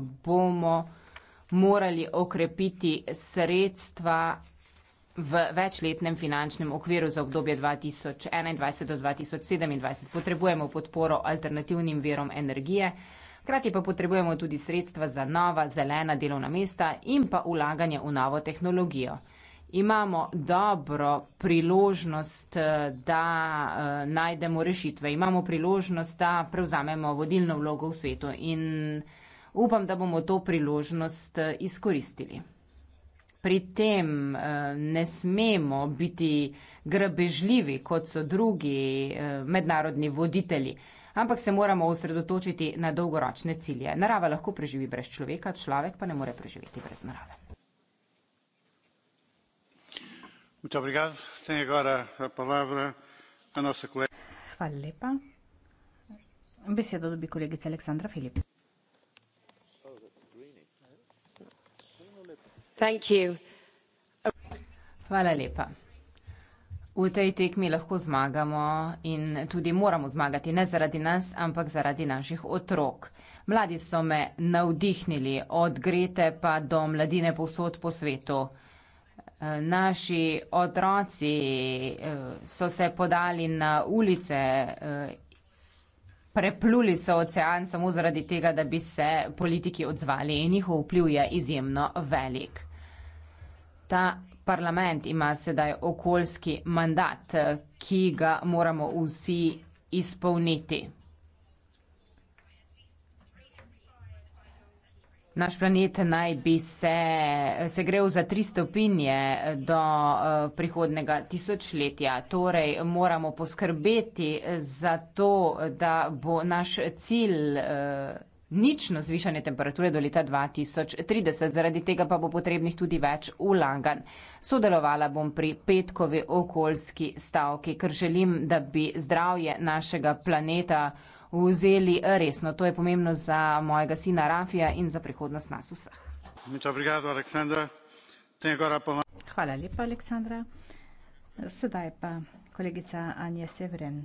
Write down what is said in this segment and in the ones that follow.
bomo morali okrepiti sredstva v večletnem finančnem okviru za obdobje 2021 do 2027. Potrebujemo podporo alternativnim verom energije, hkrati pa potrebujemo tudi sredstva za nova zelena delovna mesta in pa ulaganje v novo tehnologijo. Imamo dobro priložnost, da eh, najdemo rešitve. Imamo priložnost, da prevzamemo vodilno vlogo v svetu in upam, da bomo to priložnost eh, izkoristili. Pri tem eh, ne smemo biti grabežljivi, kot so drugi eh, mednarodni voditelji, ampak se moramo osredotočiti na dolgoročne cilje. Narava lahko preživi brez človeka, človek pa ne more preživeti brez narave. Muito obrigado. Tem agora a palavra a nossa colega. Hvala lepa. Beseda dobi kolegica Aleksandra Filip. Hvala lepa. V tej tekmi lahko zmagamo in tudi moramo zmagati, ne zaradi nas, ampak zaradi naših otrok. Mladi so me navdihnili, od Grete pa do mladine povsod po svetu. Naši otroci eh, so se podali na ulice, eh, prepluli so ocean samo zaradi tega, da bi se politiki odzvali in njihov vpliv je izjemno velik ta parlament ima sedaj okoljski mandat, ki ga moramo vsi izpolniti. Naš planet naj bi se segrel za tri stopinje do eh, prihodnega tisočletja, torej moramo poskrbeti za to, da bo naš cilj eh, nično zvišanje temperature do leta 2030, zaradi tega pa bo potrebnih tudi več ulaganj. Sodelovala bom pri petkovi okoljski stavki, ker želim, da bi zdravje našega planeta vzeli resno. To je pomembno za mojega sina Rafija in za prihodnost nas vseh. Hvala lepa, Aleksandra. Sedaj pa kolegica Anja Severen.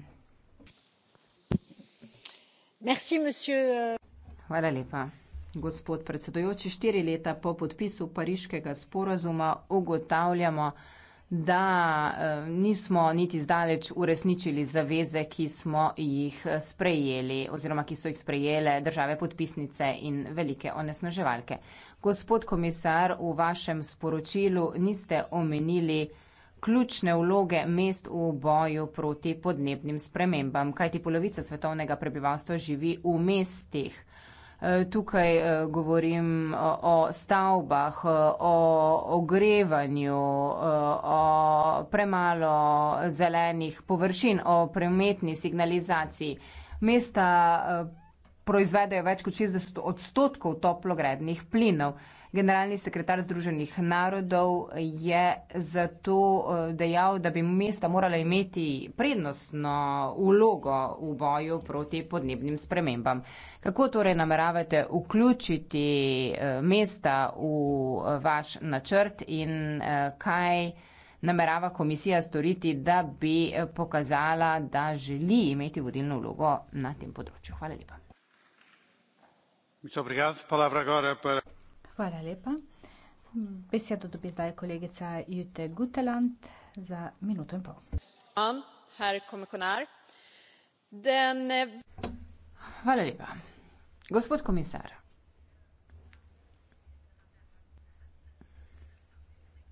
Merci, monsieur. Euh, Hvala lepa. Gospod predsedujoči, štiri leta po podpisu pariškega sporazuma ugotavljamo, da e, nismo niti zdaleč uresničili zaveze, ki smo jih e, sprejeli oziroma ki so jih sprejele države podpisnice in velike onesnaževalke. Gospod komisar, v vašem sporočilu niste omenili ključne vloge mest v boju proti podnebnim spremembam, kajti polovica svetovnega prebivalstva živi v mestih. Tukaj eh, govorim o stavbah, eh, o ogrevanju, eh, o premalo zelenih površin, o prometni signalizaciji. Mesta proizvedejo več kot 60 odstotkov toplogrednih plinov. Generalni sekretar Združenih narodov je zato eh, dejal, da bi mesta morala imeti prednostno ulogo v boju proti podnebnim spremembam. Kako torej nameravate vključiti eh, mesta v eh, vaš načrt in kaj namerava komisija storiti, da bi pokazala, da želi imeti vodilno vlogo na tem področju. Hvala lepa. Hvala lepa. Besedo dobi zdaj kolegica Jutta Guteland za minuto in pol. Hvala lepa. Gospod komisar.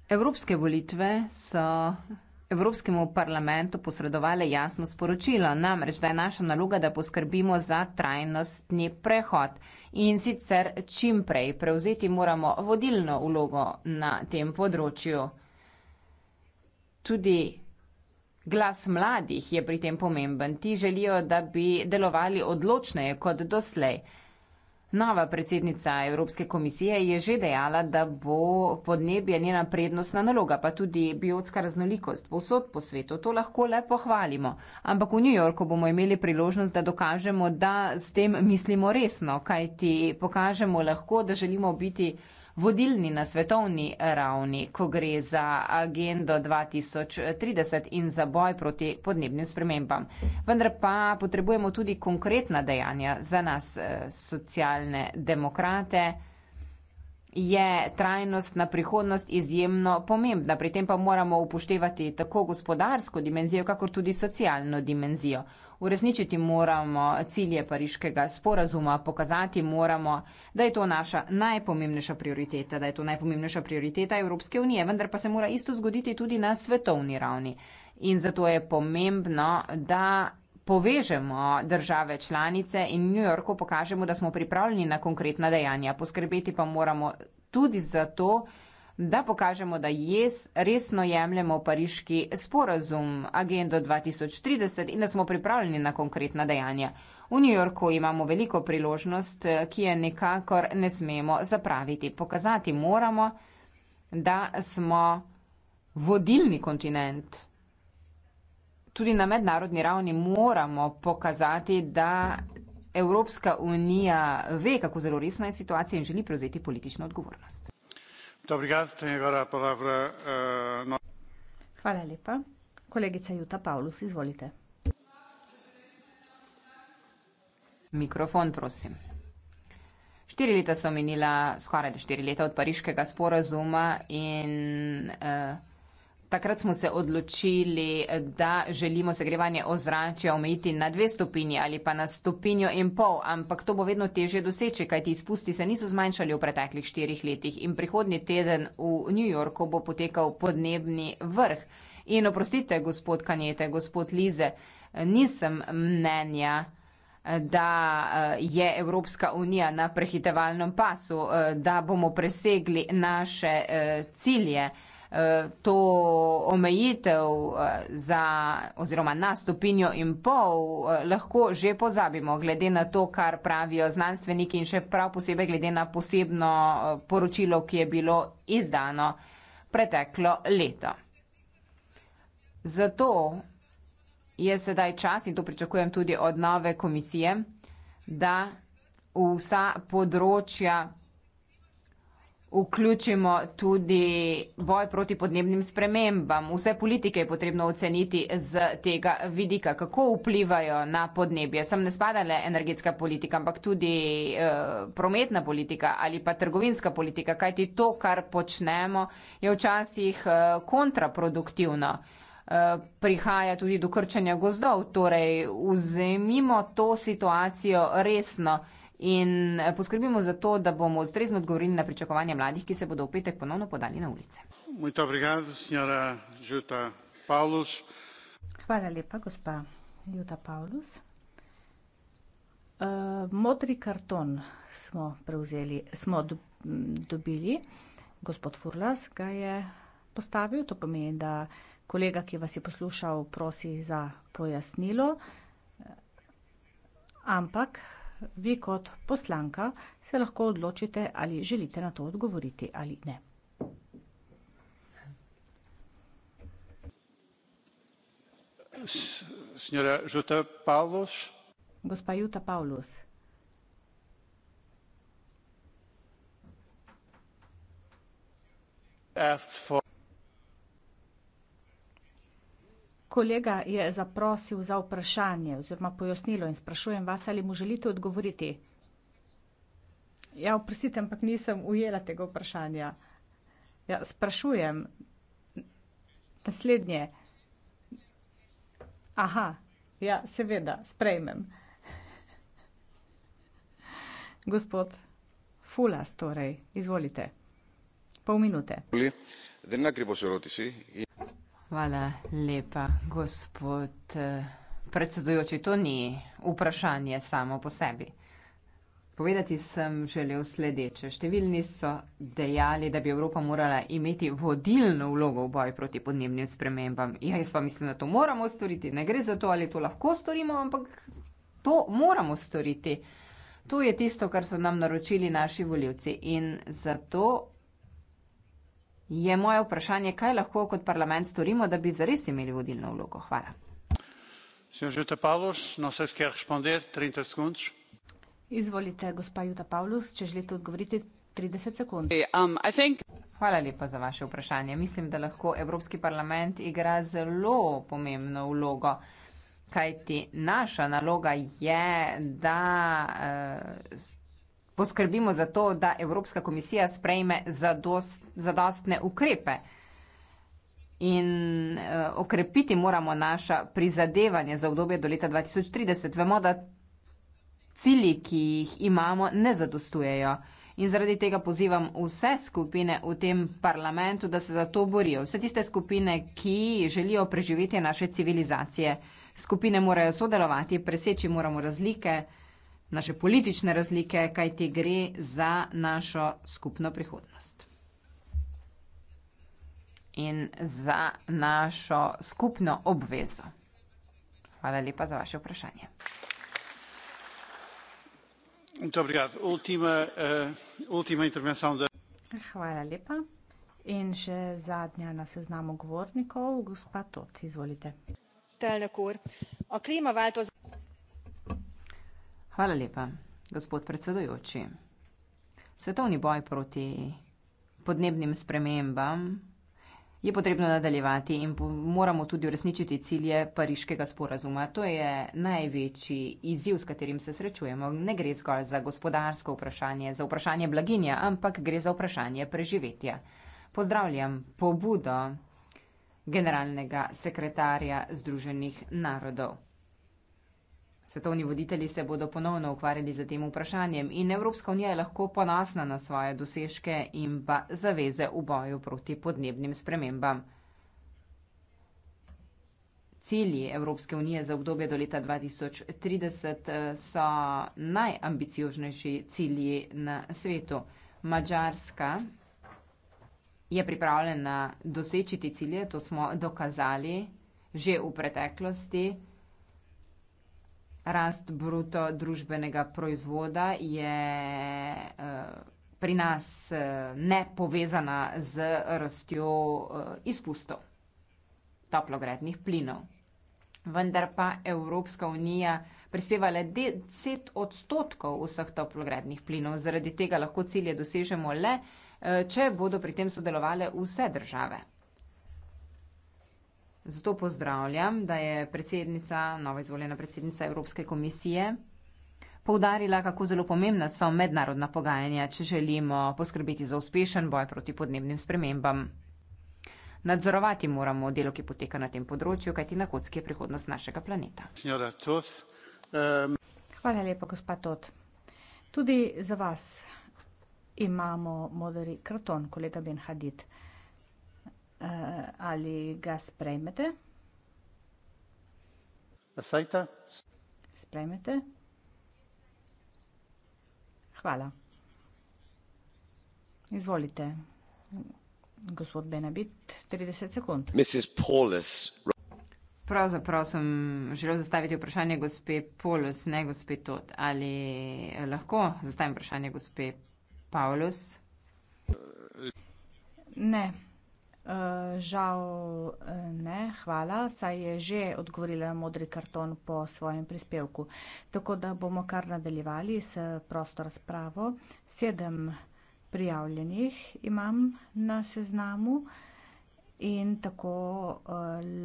Evropske volitve so Evropskemu parlamentu posredovale jasno sporočilo, namreč da je naša naloga, da poskrbimo za trajnostni prehod in sicer čim prej prevzeti moramo vodilno vlogo na tem področju. Tudi glas mladih je pri tem pomemben. Ti želijo, da bi delovali odločneje kot doslej. Nova predsednica Evropske komisije je že dejala, da bo podnebje njena prednostna naloga, pa tudi biotska raznolikost posod po svetu. To lahko le pohvalimo. Ampak v New Yorku bomo imeli priložnost, da dokažemo, da s tem mislimo resno, kajti pokažemo lahko, da želimo biti vodilni na svetovni ravni, ko gre za agendo 2030 in za boj proti podnebnim spremembam. Vendar pa potrebujemo tudi konkretna dejanja za nas eh, socialne demokrate. Je trajnost na prihodnost izjemno pomembna, pri tem pa moramo upoštevati tako gospodarsko dimenzijo, kakor tudi socialno dimenzijo uresničiti moramo cilje pariškega sporazuma, pokazati moramo, da je to naša najpomembnejša prioriteta, da je to najpomembnejša prioriteta Evropske unije, vendar pa se mora isto zgoditi tudi na svetovni ravni. In zato je pomembno, da povežemo države članice in New Yorku pokažemo, da smo pripravljeni na konkretna dejanja. Poskrbeti pa moramo tudi za to, da pokažemo, da jes resno jemljemo pariški sporazum, agendo 2030 in da smo pripravljeni na konkretna dejanja. V New Yorku imamo veliko priložnost, ki je nekakor ne smemo zapraviti. Pokazati moramo, da smo vodilni kontinent. Tudi na mednarodni ravni moramo pokazati, da Evropska unija ve, kako zelo resna je situacija in želi prevzeti politično odgovornost. Eh, no- Mikrofon, prosim. Štiri leta so minila, skorajda štiri leta od pariškega sporazuma in, eh, Takrat smo se odločili, da želimo segrevanje ozračja omejiti na dve stopinji ali pa na stopinjo in pol, ampak to bo vedno težje doseči, kajti izpusti se niso zmanjšali v preteklih štirih letih in prihodnji teden v New Yorku bo potekal podnebni vrh. In oprostite, gospod Kanjete, gospod Lize, nisem mnenja da eh, je Evropska unija na prehitevalnem pasu, eh, da bomo presegli naše eh, cilje to omejitev eh, za oziroma na stopinjo in pol eh, lahko že pozabimo, glede na to, kar pravijo znanstveniki in še prav posebej glede na posebno eh, poročilo, ki je bilo izdano preteklo leto. Zato je sedaj čas in to pričakujem tudi od nove komisije, da vsa področja vključimo tudi boj proti podnebnim spremembam. Vse politike je potrebno oceniti z tega vidika, kako vplivajo na podnebje. Sem ne spada le energetska politika, ampak tudi eh, prometna politika ali pa trgovinska politika, kajti to, kar počnemo, je včasih eh, kontraproduktivno. Eh, prihaja tudi do krčanja gozdov, torej vzemimo to situacijo resno in eh, poskrbimo za to, da bomo ustrezno odgovorili na pričakovanja mladih, ki se bodo v petek ponovno podali na ulice. Hvala lepa, gospa Juta Paulus. Eh, modri karton smo prevzeli, smo dobili, gospod Furlas ga je postavil, to pomeni, da kolega, ki vas je poslušal, prosi za pojasnilo, ampak vi kot poslanka se lahko odločite, ali želite na to odgovoriti ali ne. Signora Jutta Paulus. Gospa Jutta Paulus. Asked for. Kolega je zaprosil za vprašanje oziroma pojasnilo in sprašujem vas, ali mu želite odgovoriti. Ja, oprostite, ampak nisem ujela tega vprašanja. Ja, sprašujem. Naslednje. Aha, ja, seveda, sprejmem. Gospod Fulas, torej, izvolite. Pol minute. Hvala lepa, gospod eh, predsedujoči. To ni vprašanje samo po sebi. Povedati sem želel sledeče. Številni so dejali, da bi Evropa morala imeti vodilno vlogo v boju proti podnebnim spremembam. Ja, jaz pa mislim, da to moramo storiti. Ne gre za to, ali to lahko storimo, ampak to moramo storiti. To je tisto, kar so nam naročili naši voljivci in zato je moje vprašanje, kaj lahko kot parlament storimo, da bi zares imeli vodilno vlogo. Hvala. Izvolite, gospa Jutta Paulus, če želite odgovoriti trideset sekund. Um, Hvala lepa za vaše vprašanje. Mislim, da lahko Evropski parlament igra zelo pomembno vlogo, kajti naša naloga je, da eh, poskrbimo za to, da Evropska komisija sprejme zadostne ukrepe. In uh, okrepiti moramo naša prizadevanje za obdobje do leta 2030. Vemo, da cilji, ki jih imamo, ne zadostujejo. In zaradi tega pozivam vse skupine v tem parlamentu, da se za to borijo. Vse tiste skupine, ki želijo preživeti naše civilizacije. Skupine morajo sodelovati, preseči moramo razlike naše politične razlike, kaj ti gre za našo skupno prihodnost. In za našo skupno obvezo. Hvala lepa za vaše vprašanje. Eh, Hvala lepa. In še zadnja na seznamu govornikov, gospa Tot, izvolite. Hvala lepa, gospod predsedujoči. Svetovni boj proti podnebnim spremembam je potrebno nadaljevati in moramo tudi uresničiti cilje pariškega sporazuma. To je največji izziv, s katerim se srečujemo. Ne gre zgolj za gospodarsko vprašanje, za vprašanje blaginja, ampak gre za vprašanje preživetja. Pozdravljam pobudo generalnega sekretarja Združenih narodov. Svetovni voditelji se bodo ponovno ukvarjali z tem vprašanjem in Evropska unija je lahko ponosna na svoje dosežke in pa zaveze v boju proti podnebnim spremembam. Cilji Evropske unije za obdobje do leta 2030 eh, so najambicioznejši cilji na svetu. Mačarska je pripravljena doseči cilje, to smo dokazali že v preteklosti rast bruto družbenega proizvoda je eh, pri nas eh, ne povezana z rastjo eh, izpustov toplogrednih plinov. Vendar pa Evropska unija prispeva le deset odstotkov vseh toplogrednih plinov, zaradi tega lahko cilje dosežemo le, če bodo pri tem sodelovale vse države. Zato pozdravljam, da je predsednica, novo izvoljena predsednica Evropske komisije, poudarila, kako zelo pomembna so mednarodna pogajanja, če želimo poskrbeti za uspešen boj proti podnebnim spremembam. Nadzorovati moramo delo, ki poteka na tem področju, kajti na kocki je prihodnost našega planeta. Ehm, Hvala lepa, gospa Tot. Tudi za vas imamo modri karton, kolega Ben Hadid uh, ali ga sprejmete? Sajta. Sprejmete? Hvala. Izvolite, gospod Benabit, 30 sekund. Mrs. Paulus. Pravzaprav sem želel zastaviti vprašanje gospe Paulus, ne gospe Tod. Ali lahko zastavim vprašanje gospe Paulus? Ne. Eh, žal eh, ne, hvala, saj je že odgovorila modri karton po svojem prispevku. Tako da bomo kar nadaljevali s prosto razpravo. Sedem prijavljenih imam na seznamu in tako uh,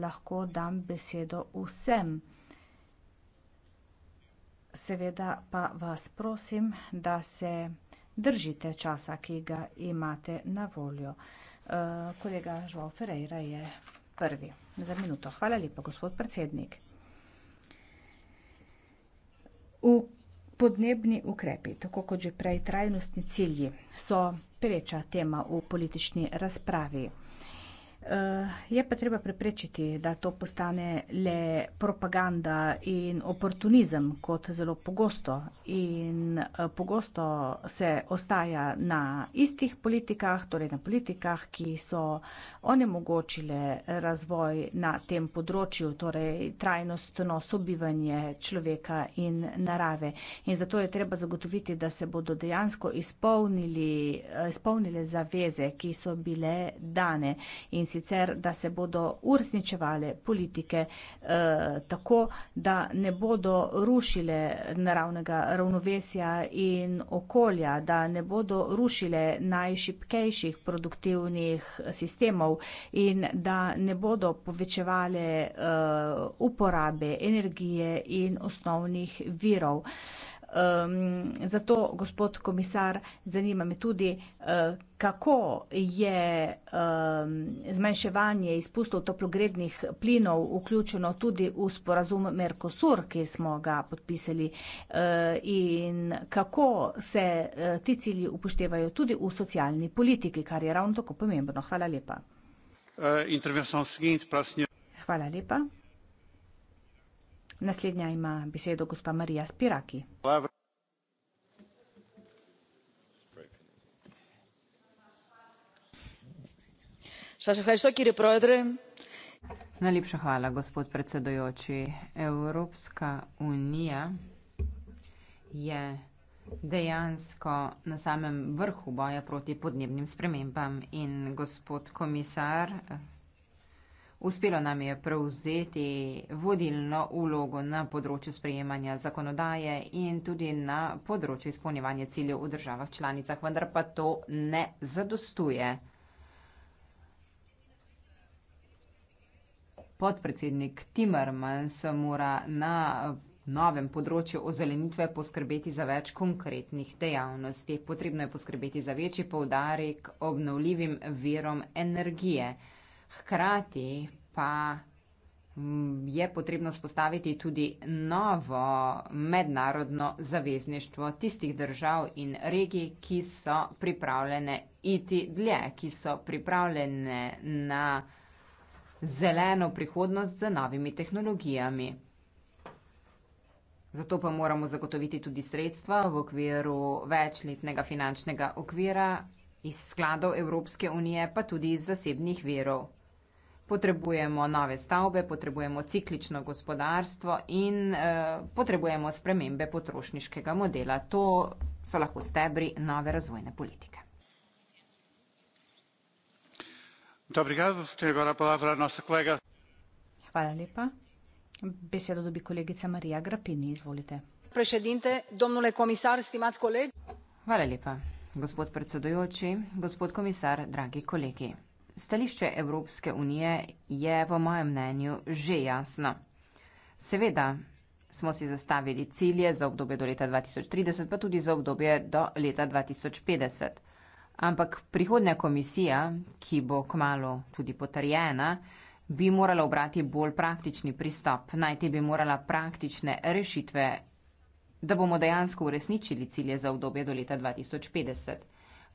lahko dam besedo vsem. Seveda pa vas prosim, da se držite časa, ki ga imate na voljo. Uh, Eh, kolega Žao Ferreira je prvi. Za minuto. Hvala lepa, gospod predsednik. V podnebni ukrepi, tako kot že prej trajnostni cilji, so pereča tema v politični razpravi. Eh, je pa treba preprečiti, da to postane le propaganda in oportunizem, kot zelo pogosto. In eh, pogosto se ostaja na istih politikah, torej na politikah, ki so onemogočile razvoj na tem področju, torej trajnostno sobivanje človeka in narave. In zato je treba zagotoviti, da se bodo dejansko izpolnili, eh, izpolnile zaveze, ki so bile dane sicer, da se bodo uresničevale politike eh, tako, da ne bodo rušile naravnega ravnovesja in okolja, da ne bodo rušile najšipkejših produktivnih sistemov in da ne bodo povečevale eh, uporabe energije in osnovnih virov. Eh, Ehm, zato, gospod komisar, zanima me tudi, eh, kako je ehm, zmanjševanje izpustov toplogrednih plinov vključeno tudi v sporazum Mercosur, ki smo ga podpisali, eh, in kako se eh, ti cilji upoštevajo tudi v socialni politiki, kar je ravno tako pomembno. Hvala lepa. Hvala lepa. Naslednja ima besedo gospa Marija Spiraki. Najlepša hvala, gospod predsedujoči. Evropska unija je dejansko na samem vrhu boja proti podnebnim spremembam in gospod komisar, Uspelo nam je prevzeti vodilno ulogo na področju sprejemanja zakonodaje in tudi na področju izpolnjevanja ciljev v državah članicah, vendar pa to ne zadostuje. Podpredsednik Timmermans mora na novem področju ozelenitve poskrbeti za več konkretnih dejavnosti. Potrebno je poskrbeti za večji povdarek obnovljivim verom energije. Hkrati pa mm, je potrebno spostaviti tudi novo mednarodno zavezništvo tistih držav in regij, ki so pripravljene iti dlje, ki so pripravljene na zeleno prihodnost z novimi tehnologijami. Zato pa moramo zagotoviti tudi sredstva v okviru večletnega finančnega okvira iz skladov Evropske unije, pa tudi iz zasebnih verov potrebujemo nove stavbe, potrebujemo ciklično gospodarstvo in eh, potrebujemo spremembe potrošniškega modela. To so lahko stebri nove razvojne politike. Hvala lepa. Besedo dobi kolegica Marija Grapini, izvolite. Hvala lepa, gospod predsedujoči, gospod komisar, dragi kolegi. Stališče Evropske unije je, po mojem mnenju, že jasno. Seveda smo si zastavili cilje za obdobje do leta 2030, pa tudi za obdobje do leta 2050. Ampak prihodnja komisija, ki bo kmalo tudi potrjena, bi morala obrati bolj praktični pristop. Najti bi morala praktične rešitve, da bomo dejansko uresničili cilje za obdobje do leta 2050.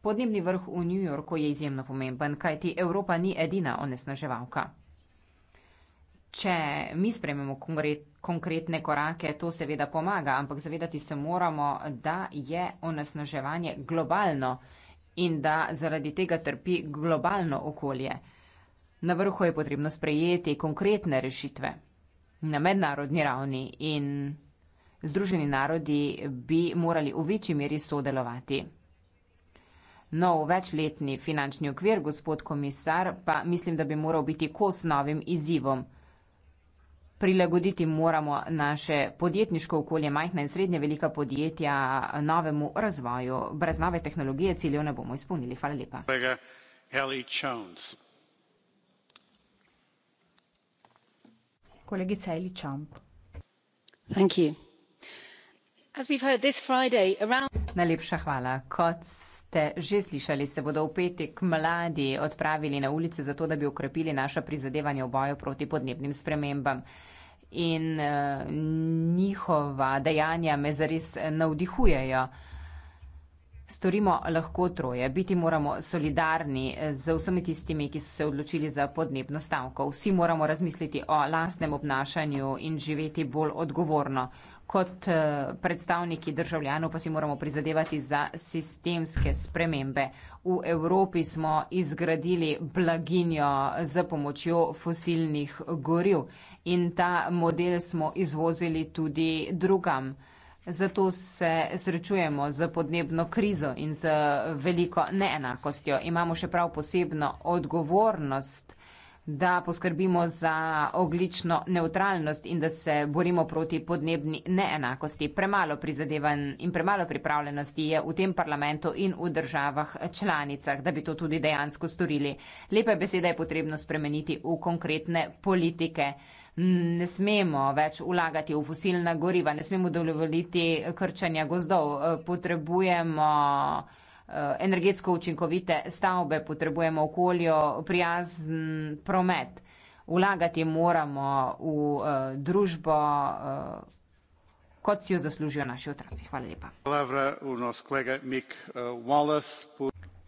Podnebni vrh v New Yorku je izjemno pomemben, kajti Evropa ni edina onesnaževalka. Če mi sprememo konkretne korake, to seveda pomaga, ampak zavedati se moramo, da je onesnaževanje globalno in da zaradi tega trpi globalno okolje. Na vrhu je potrebno sprejeti konkretne rešitve na mednarodni ravni in Združeni narodi bi morali v večji meri sodelovati nov večletni finančni okvir, gospod komisar, pa mislim, da bi moral biti kos novim izzivom. Prilagoditi moramo naše podjetniško okolje, majhna in srednje velika podjetja, novemu razvoju. Brez nove tehnologije ciljev ne bomo izpolnili. Hvala lepa. Kolegica Eli Čamp. Najlepša hvala. Kot ste že slišali, se bodo v petek mladi odpravili na ulice zato, da bi ukrepili naša prizadevanja v boju proti podnebnim spremembam. In uh, njihova dejanja me zares navdihujejo. Storimo lahko troje. Biti moramo solidarni eh, z vsemi tistimi, ki so se odločili za podnebno stavko. Vsi moramo razmisliti o lastnem obnašanju in živeti bolj odgovorno kot eh, predstavniki državljanov pa si moramo prizadevati za sistemske spremembe. V Evropi smo izgradili blaginjo z pomočjo fosilnih goril in ta model smo izvozili tudi drugam. Zato se srečujemo z podnebno krizo in z veliko neenakostjo. Imamo še prav posebno odgovornost da poskrbimo za oglično neutralnost in da se borimo proti podnebni neenakosti. Premalo prizadevanj in premalo pripravljenosti je v tem parlamentu in v državah članicah, da bi to tudi dejansko storili. Lepe besede je potrebno spremeniti v konkretne politike. Ne smemo več ulagati v fosilna goriva, ne smemo dovoliti krčanja gozdov. Potrebujemo Eh, energetsko učinkovite stavbe, potrebujemo okoljo, prijazen promet. Vlagati moramo v uh, družbo, uh, kot si jo zaslužijo naši otroci. Hvala lepa.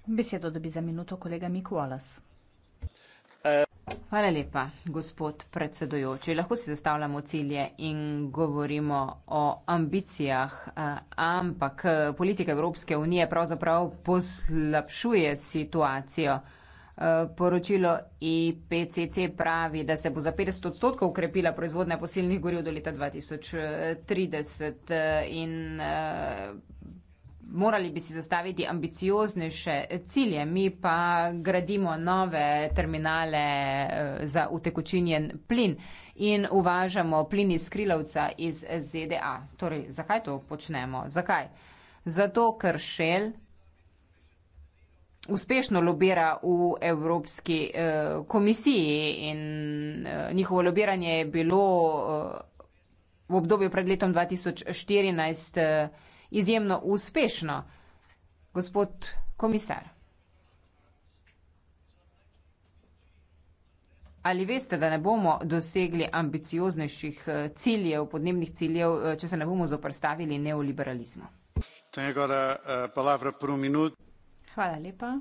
Besedo dobi za minuto kolega Mik Wallace. Hvala lepa, gospod predsedujoči. Lahko si zastavljamo cilje in govorimo o ambicijah, eh, ampak eh, politika Evropske unije pravzaprav poslabšuje situacijo. Eh, poročilo IPCC pravi, da se bo za 50 odstotkov ukrepila proizvodnja posilnih goril do leta 2030 in morali bi si zastaviti ambicioznejše cilje, mi pa gradimo nove terminale eh, za utekočinjen plin in uvažamo plin iz Krilovca iz ZDA. Torej, zakaj to počnemo? Zakaj? Zato, ker šel uspešno lobira v Evropski eh, komisiji in eh, njihovo lobiranje je bilo eh, v obdobju pred letom 2014 eh, izjemno uspešno. Gospod komisar, ali veste, da ne bomo dosegli ambicioznejših eh, ciljev, podnebnih ciljev, eh, če se ne bomo zoprstavili neoliberalizmu? Eh, um Hvala lepa.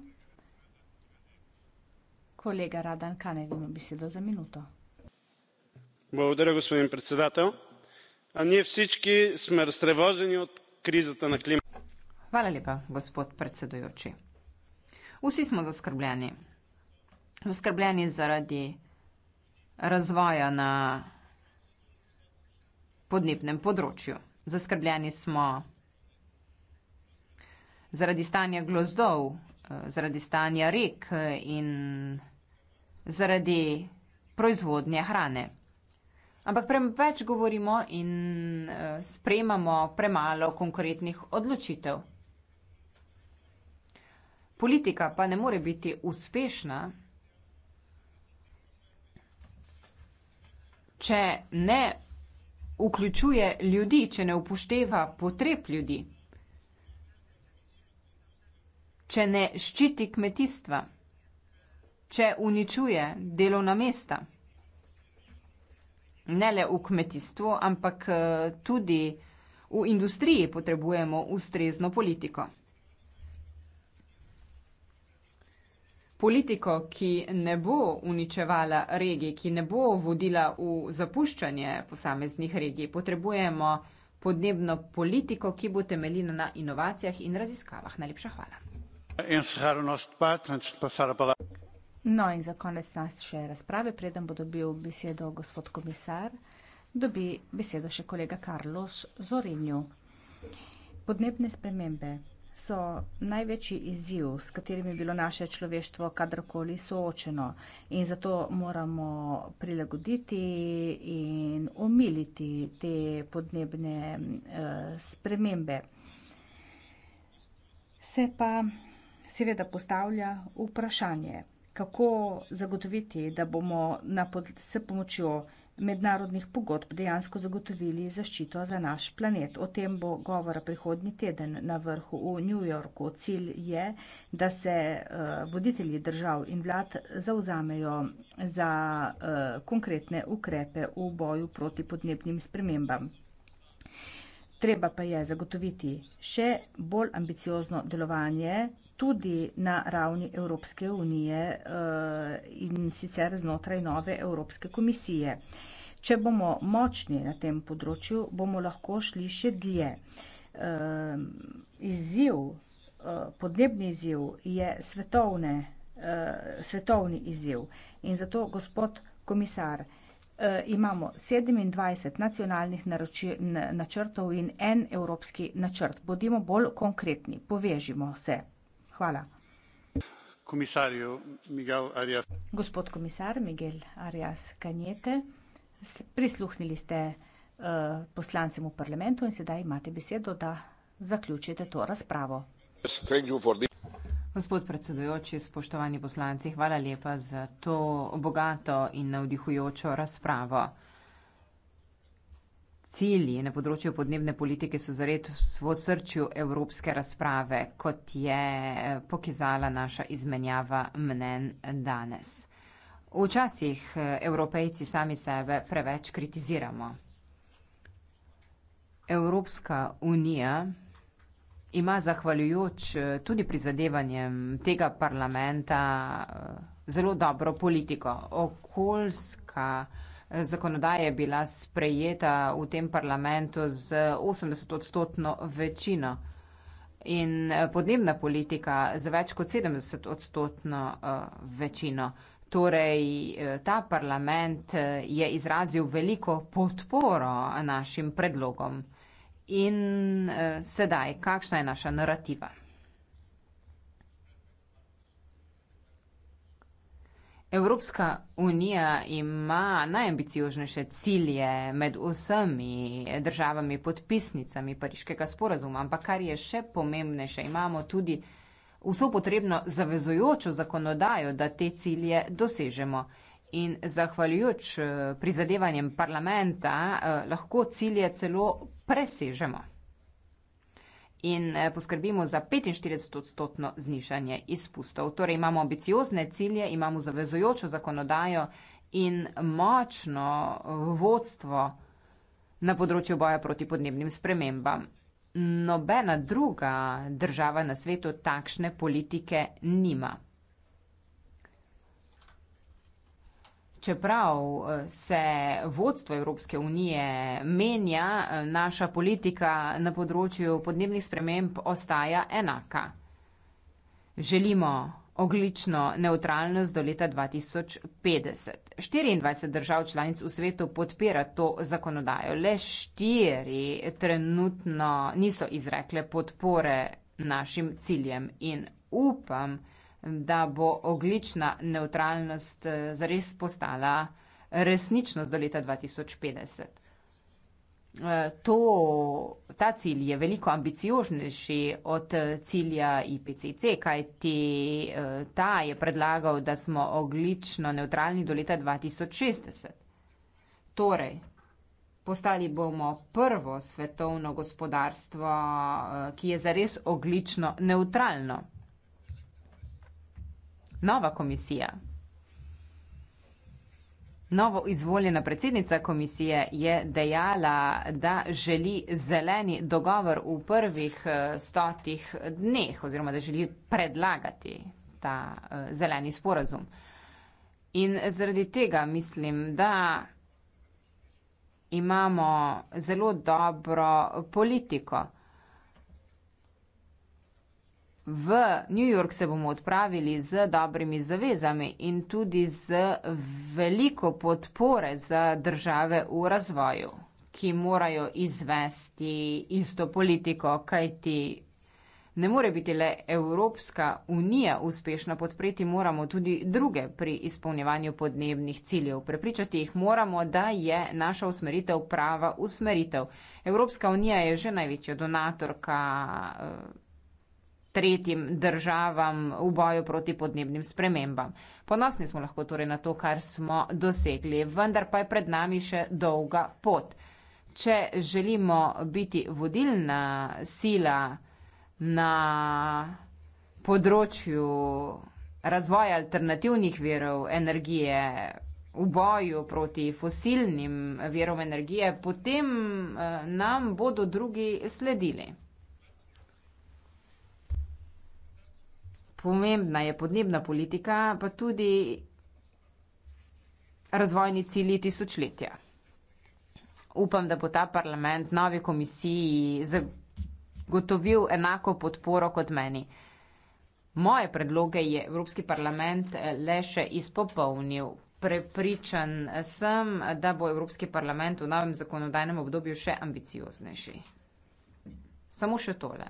Kolega Radan Kanev ima besedo za minuto. Благодаря, господин председател. А ние всички сме разтревожени от krizata na klima. Hvala lepa, gospod predsedujoči. Vsi smo zaskrbljeni. Zaskrbljeni zaradi razvoja na podnebnem področju. Zaskrbljeni smo zaradi stanja glozdov, zaradi stanja rek in zaradi proizvodnje hrane. Ampak preveč govorimo in eh, spremamo premalo konkretnih odločitev. Politika pa ne more biti uspešna, če ne vključuje ljudi, če ne upošteva potreb ljudi, če ne ščiti kmetijstva, če uničuje delovna mesta ne le v kmetijstvu, ampak eh, tudi v industriji potrebujemo ustrezno politiko. Politiko, ki ne bo uničevala regij, ki ne bo vodila v zapuščanje posameznih regij, potrebujemo podnebno politiko, ki bo temeljila na inovacijah in raziskavah. Najlepša hvala. No in za konec nas še razprave, preden bo dobil besedo gospod komisar, dobi besedo še kolega Carlos Zorinju. Podnebne spremembe so največji izziv, s katerimi je bilo naše človeštvo kadarkoli soočeno in zato moramo prilagoditi in omiliti te podnebne uh, spremembe. Se pa seveda postavlja vprašanje kako zagotoviti, da bomo pod, s pomočjo mednarodnih pogodb dejansko zagotovili zaščito za naš planet. O tem bo govora prihodnji teden na vrhu v New Yorku. Cilj je, da se uh, voditelji držav in vlad zauzamejo za uh, konkretne ukrepe v boju proti podnebnim spremembam. Treba pa je zagotoviti še bolj ambiciozno delovanje tudi na ravni Evropske unije eh, in sicer znotraj nove Evropske komisije. Če bomo močni na tem področju, bomo lahko šli še dlje. Eh, izziv, eh, podnebni izziv je svetovne, svetovni izziv in zato, gospod komisar, imamo 27 nacionalnih naroči, načrtov in en evropski načrt. Bodimo bolj konkretni, povežimo se hvala. Gospod komisar Miguel Arias Kanjete, prisluhnili ste uh, poslancem v parlamentu in sedaj imate besedo, da zaključite to razpravo. Gospod predsedujoči, spoštovani poslanci, hvala lepa za to bogato in navdihujočo razpravo cilji na področju podnebne politike so zared v srčju evropske razprave, kot je eh, pokazala naša izmenjava mnen danes. Včasih eh, evropejci sami sebe preveč kritiziramo. Evropska unija ima zahvaljujoč eh, tudi prizadevanjem tega parlamenta zelo dobro politiko. Okoljska zakonodaja je bila sprejeta v tem parlamentu z 80 odstotno večino in eh, podnebna politika z več kot 70 odstotno eh, večino. Torej, eh, ta parlament je izrazil veliko podporo našim predlogom. In sedaj, kakšna je naša narativa? Evropska unija ima najambicioznejše cilje med vsemi državami podpisnicami pariškega sporazuma, ampak kar je še pomembnejše, imamo tudi vso potrebno zavezujočo zakonodajo, da te cilje dosežemo. In zahvaljujoč eh, prizadevanjem parlamenta eh, lahko cilje celo presežemo in eh, poskrbimo za 45 odstotno znišanje izpustov. Torej imamo ambiciozne cilje, imamo zavezujočo zakonodajo in močno vodstvo na področju boja proti podnebnim spremembam. Nobena druga država na svetu takšne politike nima. Čeprav eh, se vodstvo Evropske unije menja, eh, naša politika na področju podnebnih sprememb ostaja enaka. Želimo oglično neutralnost do leta 2050. 24 držav članic v svetu podpira to zakonodajo, le štiri trenutno niso izrekle podpore našim ciljem in upam, da bo oglična neutralnost eh, zares postala resničnost do leta 2050. Eh, to, ta cilj je veliko ambicioznejši od eh, cilja IPCC, kajti ta je predlagal, da smo oglično neutralni do leta 2060. Torej, postali bomo prvo svetovno gospodarstvo, ki je zares oglično neutralno nova komisija. Novo izvoljena predsednica komisije je dejala, da želi zeleni dogovor v prvih eh, stotih dneh oziroma da želi predlagati ta eh, zeleni sporazum. In zaradi tega mislim, da imamo zelo dobro politiko. V New York se bomo odpravili z dobrimi zavezami in tudi z veliko podpore za države v razvoju, ki morajo izvesti isto politiko, kajti ne more biti le Evropska unija uspešna podpreti, moramo tudi druge pri izpolnjevanju podnebnih ciljev. Prepričati jih moramo, da je naša usmeritev prava usmeritev. Evropska unija je že največja donatorka. Uh, tretjim državam v boju proti podnebnim spremembam. Ponosni smo lahko torej na to, kar smo dosegli, vendar pa je pred nami še dolga pot. Če želimo biti vodilna sila na področju razvoja alternativnih verov energije, v boju proti fosilnim verom energije, potem eh, nam bodo drugi sledili. pomembna je podnebna politika, pa tudi razvojni cilji tisočletja. Upam, da bo ta parlament novi komisiji zagotovil enako podporo kot meni. Moje predloge je Evropski parlament eh, le še izpopolnil. Prepričan sem, da bo Evropski parlament v novem zakonodajnem obdobju še ambicioznejši. Samo še tole.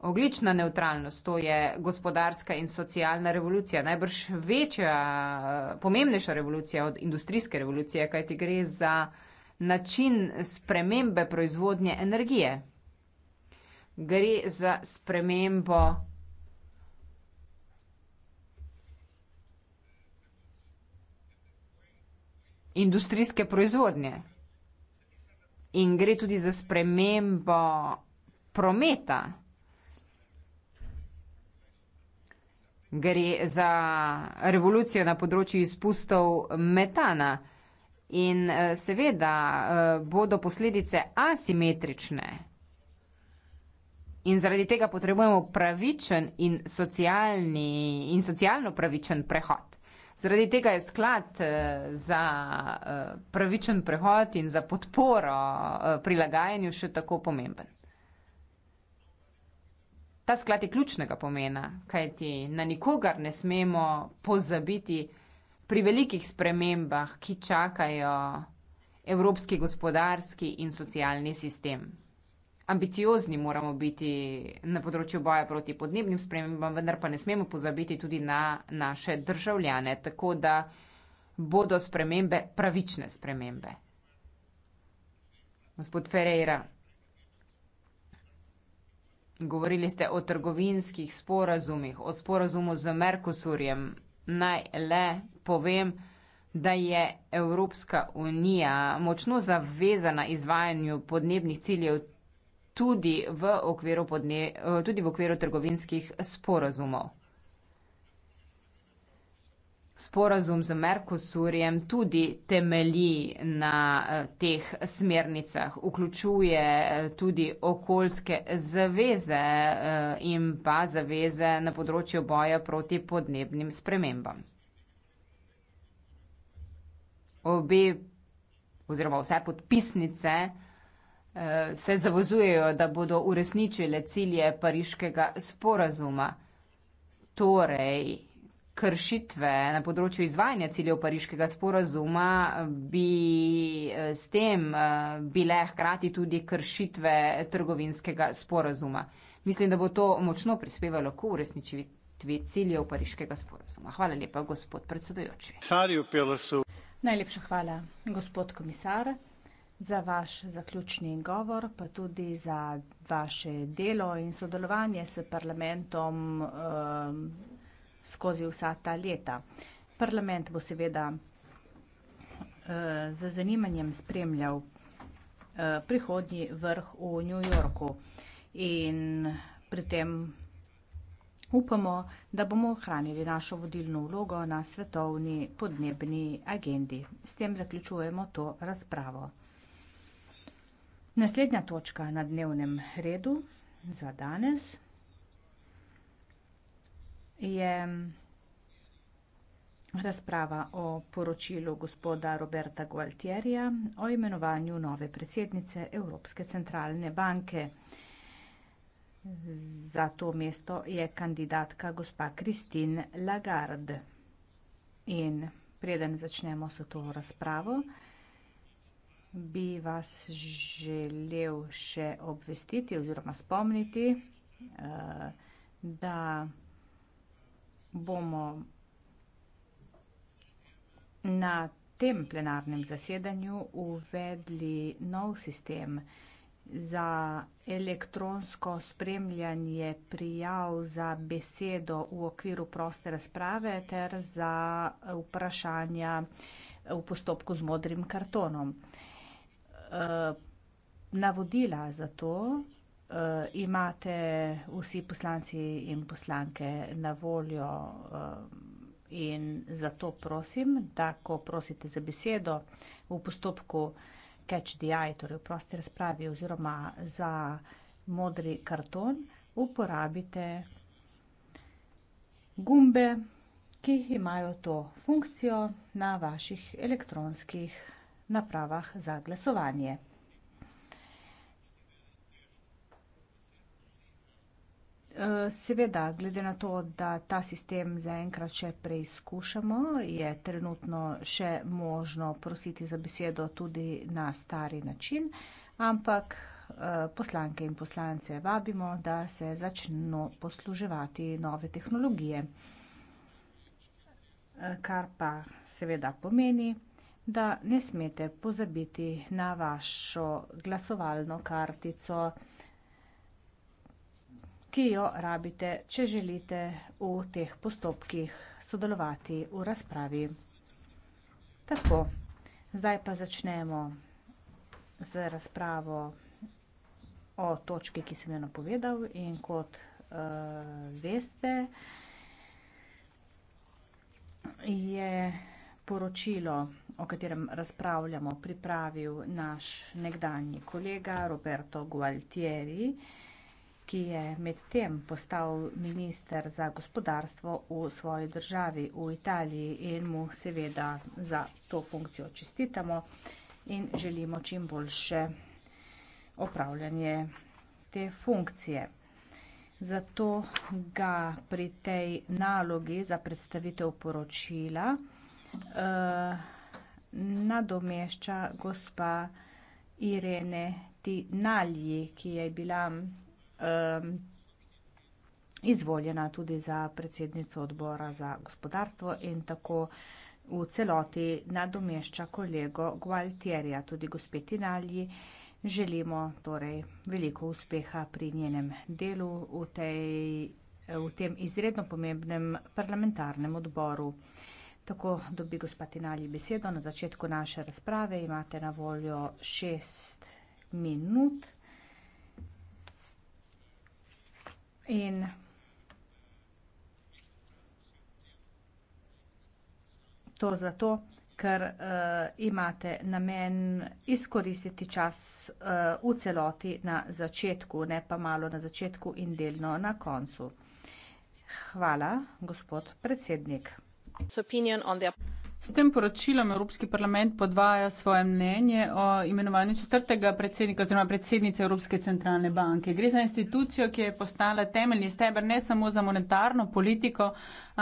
Oglična neutralnost, to je gospodarska in socialna revolucija, najbrž večja, pomembnejša revolucija od industrijske revolucije, kajti gre za način spremembe proizvodnje energije. Gre za spremembo industrijske proizvodnje in gre tudi za spremembo prometa. gre za revolucijo na področju izpustov metana. In eh, seveda eh, bodo posledice asimetrične. In zaradi tega potrebujemo pravičen in, socialni, in socialno pravičen prehod. Zaradi tega je sklad eh, za pravičen prehod in za podporo prilagajanju še tako pomemben. Ta sklad je ključnega pomena, kajti na nikogar ne smemo pozabiti pri velikih spremembah, ki čakajo evropski gospodarski in socialni sistem. Ambiciozni moramo biti na področju boja proti podnebnim spremembam, vendar pa ne smemo pozabiti tudi na naše državljane, tako da bodo spremembe pravične spremembe. Gospod Ferreira. Govorili ste o trgovinskih sporazumih, o sporazumu z Merkosurjem. Naj le povem, da je Evropska unija močno zavezana izvajanju podnebnih ciljev tudi v okviru, podne, eh, tudi v okviru trgovinskih sporazumov sporazum z Merkosurjem tudi temelji na eh, teh smernicah, vključuje eh, tudi okoljske zaveze eh, in pa zaveze na področju boja proti podnebnim spremembam. Obe oziroma vse podpisnice se zavezujejo, da bodo uresničile cilje pariškega sporazuma. Torej, kršitve na področju izvajanja ciljev pariškega sporazuma, eh, bi eh, s tem eh, bile hkrati tudi kršitve trgovinskega sporazuma. Mislim, da bo to močno prispevalo k uresničitvi ciljev pariškega sporazuma. Hvala lepa, gospod predsedujoči. Najlepša hvala, gospod komisar, za vaš zaključni govor, pa tudi za vaše delo in sodelovanje s parlamentom. Eh, skozi vsa ta leta. Parlament bo seveda eh, z zanimanjem spremljal eh, prihodnji vrh v New Yorku in pri tem upamo, da bomo ohranili našo vodilno vlogo na svetovni podnebni agendi. S tem zaključujemo to razpravo. Naslednja točka na dnevnem redu za danes je je razprava o poročilu gospoda Roberta Gualtierja o imenovanju nove predsednice Evropske centralne banke. Za to mesto je kandidatka gospa Kristin Lagarde. In preden začnemo s to razpravo, bi vas želel še obvestiti oziroma spomniti, eh, da bomo na tem plenarnem zasedanju uvedli nov sistem za elektronsko spremljanje prijav za besedo v okviru proste razprave ter za vprašanja v postopku z modrim kartonom. Eh, navodila za to Eh, imate vsi poslanci in poslanke na voljo eh, in zato prosim, da ko prosite za besedo v postopku catch the eye, torej v prosti razpravi oziroma za modri karton, uporabite gumbe, ki imajo to funkcijo na vaših elektronskih napravah za glasovanje. Seveda, glede na to, da ta sistem zaenkrat še preizkušamo, je trenutno še možno prositi za besedo tudi na stari način, ampak eh, poslanke in poslance vabimo, da se začno posluževati nove tehnologije, eh, kar pa seveda pomeni, da ne smete pozabiti na vašo glasovalno kartico ki jo rabite, če želite v teh postopkih sodelovati v razpravi. Tako, zdaj pa začnemo z razpravo o točki, ki sem jo napovedal in kot uh, veste, je poročilo, o katerem razpravljamo, pripravil naš nekdanji kolega Roberto Gualtieri, uh, ki je medtem postal minister za gospodarstvo v svoji državi v Italiji in mu seveda za to funkcijo čestitamo in želimo čim boljše opravljanje te funkcije. Zato ga pri tej nalogi za predstavitev poročila eh, nadomešča gospa Irene Tinalji, ki je bila izvoljena tudi za predsednico odbora za gospodarstvo in tako v celoti nadomešča kolego Gualtierja. Tudi gospe Tinalji želimo torej veliko uspeha pri njenem delu v, tej, v tem izredno pomembnem parlamentarnem odboru. Tako dobi gospa Tinalji besedo. Na začetku naše razprave imate na voljo šest minut. in to zato, ker uh, imate namen izkoristiti čas uh, v celoti na začetku, ne pa malo na začetku in delno na koncu. Hvala, gospod predsednik. S tem poročilom Evropski parlament podvaja svoje mnenje o imenovanju četrtega predsednika oziroma predsednice Evropske centralne banke. Gre za institucijo, ki je postala temeljni steber ne samo za monetarno politiko,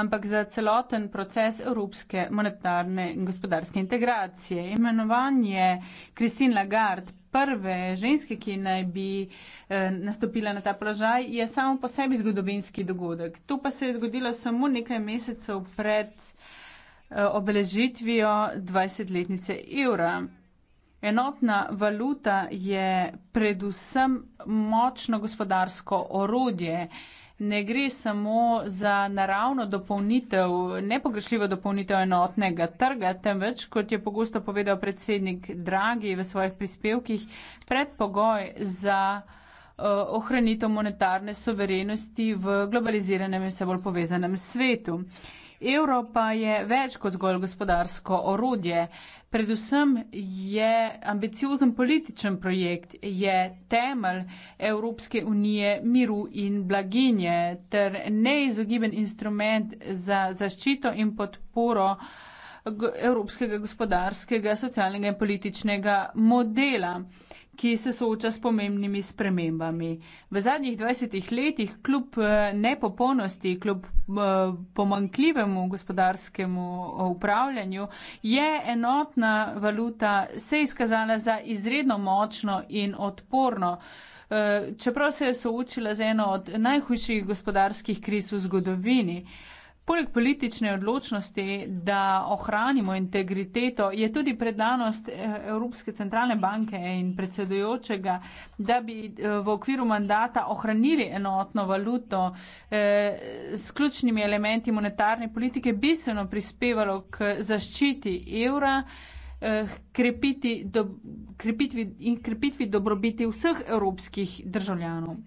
ampak za celoten proces evropske monetarne in gospodarske integracije. Imenovanje Kristin Lagarde, prve ženske, ki naj bi eh, nastopila na ta položaj, je samo po sebi zgodovinski dogodek. To pa se je zgodilo samo nekaj mesecev pred Eh, obeležitvijo 20-letnice evra. Enotna valuta je predvsem močno gospodarsko orodje. Ne gre samo za naravno dopolnitev, nepogrešljivo dopolnitev enotnega trga, temveč, kot je pogosto povedal predsednik Dragi v svojih prispevkih, predpogoj za eh, ohranitev monetarne soverenosti v globaliziranem in vse bolj povezanem svetu. Evro pa je več kot zgolj gospodarsko orodje. Predvsem je ambiciozen političen projekt, je temelj Evropske unije miru in blaginje ter neizogiben instrument za zaščito in podporo evropskega gospodarskega, socialnega in političnega modela ki se sooča s pomembnimi spremembami. V zadnjih 20 letih, kljub eh, nepopolnosti, kljub eh, pomankljivemu gospodarskemu eh, upravljanju, je enotna valuta se izkazala za izredno močno in odporno. Čeprav se je soočila z eno od najhujših gospodarskih kriz v zgodovini. Poleg politične odločnosti, da ohranimo integriteto, je tudi predanost eh, Evropske centralne banke in predsedujočega, da bi eh, v okviru mandata ohranili enotno valuto eh, s ključnimi elementi monetarne politike, bistveno prispevalo k zaščiti evra, krepitvi in krepitvi dobrobiti vseh evropskih državljanov.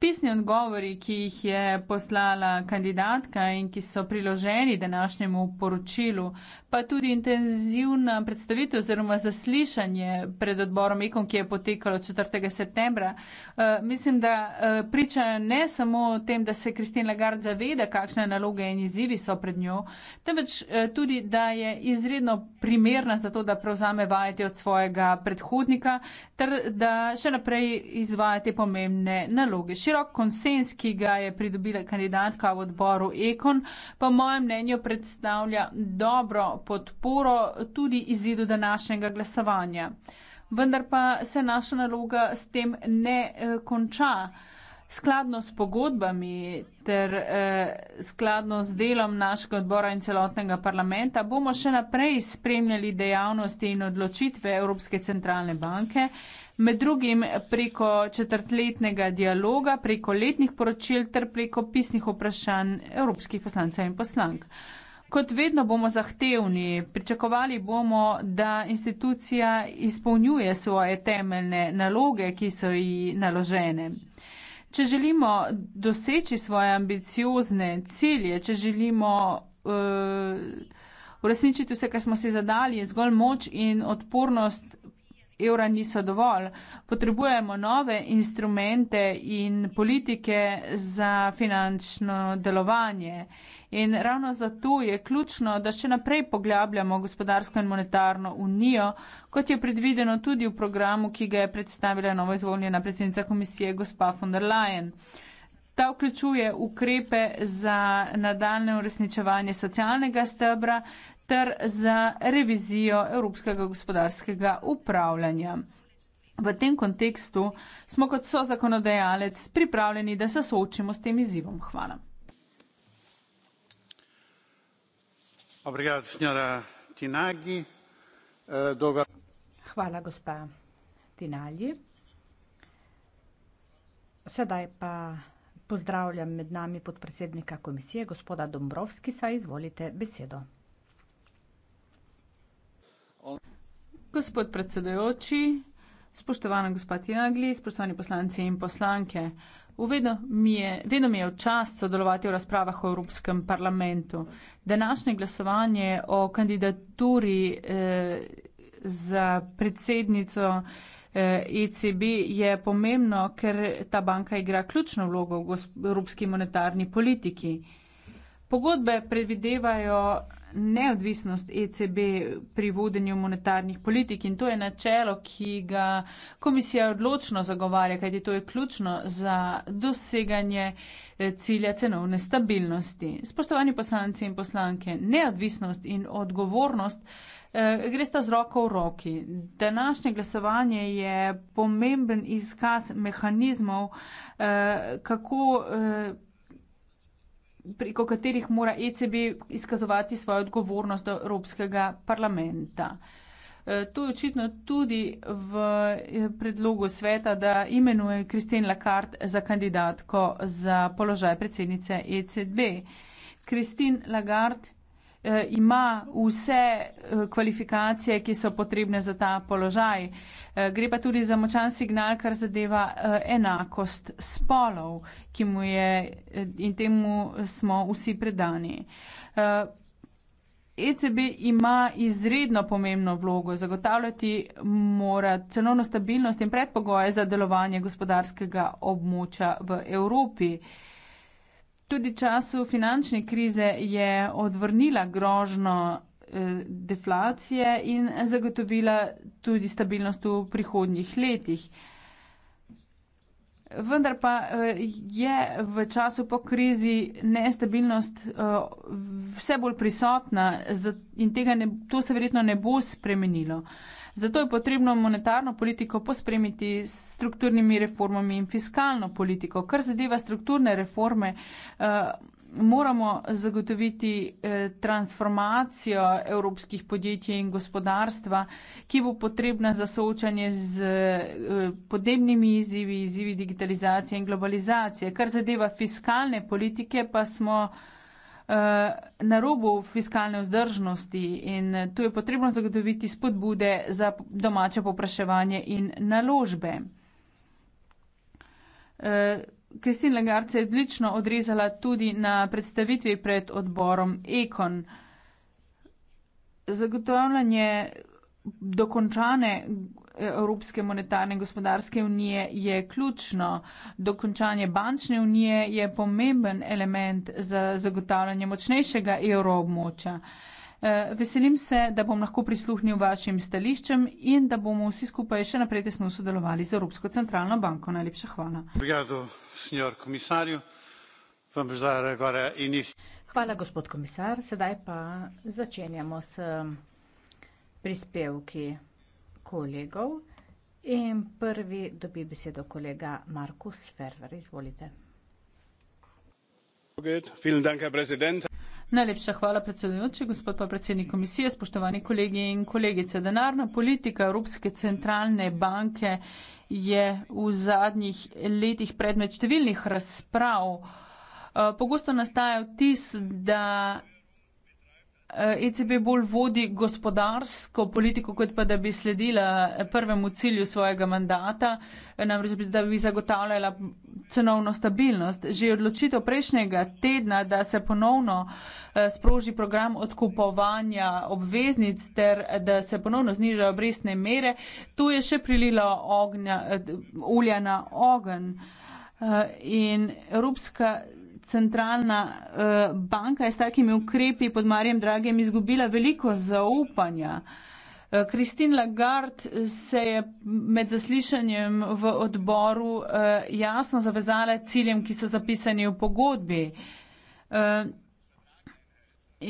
Pisni odgovori, ki jih je poslala kandidatka in ki so priloženi današnjemu poročilu, pa tudi intenzivna predstavitev oziroma zaslišanje pred odborom IKOM, ki je potekalo 4. septembra, eh, mislim, da eh, pričajo ne samo o tem, da se Kristina Lagarde zaveda, kakšne naloge in izzivi so pred njo, temveč eh, tudi, da je izredno primerna za to, da prevzame vajeti od svojega predhodnika ter da še naprej izvajate pomembne naloge širok konsens, ki ga je pridobila kandidatka v odboru Ekon, pa mojem mnenju predstavlja dobro podporo tudi izidu današnjega glasovanja. Vendar pa se naša naloga s tem ne eh, konča skladno s pogodbami ter eh, skladno z delom našega odbora in celotnega parlamenta bomo še naprej spremljali dejavnosti in odločitve Evropske centralne banke, med drugim preko četrtletnega dialoga, preko letnih poročil ter preko pisnih vprašanj evropskih poslancev in poslank. Kot vedno bomo zahtevni, pričakovali bomo, da institucija izpolnjuje svoje temeljne naloge, ki so ji naložene če želimo doseči svoje ambiciozne cilje, če želimo uh, uresničiti vse, kar smo si zadali, je zgolj moč in odpornost evra niso dovolj. Potrebujemo nove instrumente in politike za finančno delovanje. In ravno zato je ključno, da še naprej poglabljamo gospodarsko in monetarno unijo, kot je predvideno tudi v programu, ki ga je predstavila novo izvoljena predsednica komisije gospa von der Leyen. Ta vključuje ukrepe za nadaljne uresničevanje socialnega stebra ter za revizijo evropskega gospodarskega upravljanja. V tem kontekstu smo kot so zakonodajalec pripravljeni, da se soočimo s tem izzivom. Hvala. Eh, Hvala, gospa Tinagi. Sedaj pa pozdravljam med nami podpredsednika komisije, gospoda Dombrovskisa, izvolite besedo. Gospod predsedujoči, spoštovana gospa Tinagli, spoštovani poslanci in poslanke. Vedno mi, je, vedno mi je v čast sodelovati v razpravah v Evropskem parlamentu. Današnje glasovanje o kandidaturi eh, za predsednico eh, ECB je pomembno, ker ta banka igra ključno vlogo v evropski monetarni politiki. Pogodbe predvidevajo neodvisnost ECB pri vodenju monetarnih politik in to je načelo, ki ga komisija odločno zagovarja, kajti to je ključno za doseganje eh, cilja cenovne stabilnosti. Spoštovani poslanci in poslanke, neodvisnost in odgovornost eh, gre sta z roko v roki. Današnje glasovanje je pomemben izkaz mehanizmov, eh, kako preko katerih mora ECB izkazovati svojo odgovornost do Evropskega parlamenta. E, to je očitno tudi v e, predlogu sveta, da imenuje Kristin Lakart za kandidatko za položaj predsednice ECB. Kristin Lagarde Eh, ima vse eh, kvalifikacije, ki so potrebne za ta položaj. Eh, gre pa tudi za močan signal, kar zadeva enakost spolov, ki mu je in temu smo vsi predani. ECB e ima izredno pomembno vlogo zagotavljati mora celono stabilnost in predpogoje za delovanje gospodarskega območja v Evropi. Uh, Tudi v času finančne krize je odvrnila grožno eh, deflacije in zagotovila tudi stabilnost v prihodnjih letih. Vendar pa eh, je v času po krizi nestabilnost eh, vse bolj prisotna in tega ne, to se verjetno ne bo spremenilo. Zato je potrebno monetarno politiko pospremiti s strukturnimi reformami in fiskalno politiko. Kar zadeva strukturne reforme, eh, moramo zagotoviti eh, transformacijo evropskih podjetij in gospodarstva, ki bo potrebna za soočanje z eh, podnebnimi izzivi, izzivi digitalizacije in globalizacije. Kar zadeva fiskalne politike, pa smo. Eh, na robu fiskalne vzdržnosti in tu je potrebno zagotoviti spodbude za domače popraševanje in naložbe. Eh, Kristin Legard se je odlično odrezala tudi na predstavitvi pred odborom Ekon. Zagotavljanje dokončane Evropske monetarne in gospodarske unije je ključno. Dokončanje bančne unije je pomemben element za zagotavljanje močnejšega evroobmoča. Eh, veselim se, da bom lahko prisluhnil vašim stališčem in da bomo vsi skupaj še naprej tesno sodelovali z Evropsko centralno banko. Najlepša hvala. Hvala, gospod komisar. Sedaj pa začenjamo s prispevki kolegov. In prvi dobi besedo kolega Markus Ferver, izvolite. Najlepša hvala, predsedujoči, gospod pa predsednik komisije, spoštovani kolegi in kolegice. Denarna politika Evropske centralne banke je v zadnjih letih predmet številnih razprav. Eh, pogosto nastaja vtis, da ECB eh, e bolj vodi gospodarsko politiko, kot pa da bi sledila eh, prvemu cilju svojega mandata, eh, namreč da bi zagotavljala cenovno stabilnost. Že odločitev prejšnjega tedna, da se ponovno sproži program odkupovanja obveznic ter da se ponovno znižajo obrestne mere, tu je še prililo ognja, ulja na ogen. In Evropska centralna uh, banka je s takimi ukrepi pod Marjem Dragem izgubila veliko zaupanja. Kristin eh, Lagarde se je med zaslišanjem v odboru eh, jasno zavezala ciljem, ki so zapisani v pogodbi.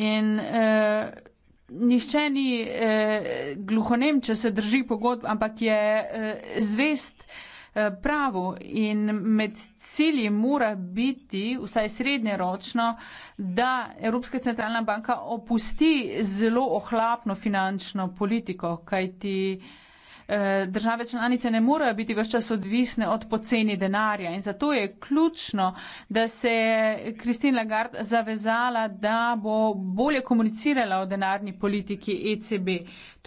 In nišče ni gluhonem, če se drži pogodb, ampak je zvest. Eh, pravu in med cilji mora biti, vsaj srednjeročno, da Evropska centralna banka opusti zelo ohlapno finančno politiko, kajti eh, države članice ne morejo biti vse čas odvisne od poceni denarja in zato je ključno, da se je Kristin Lagarde zavezala, da bo bolje komunicirala o denarni politiki ECB.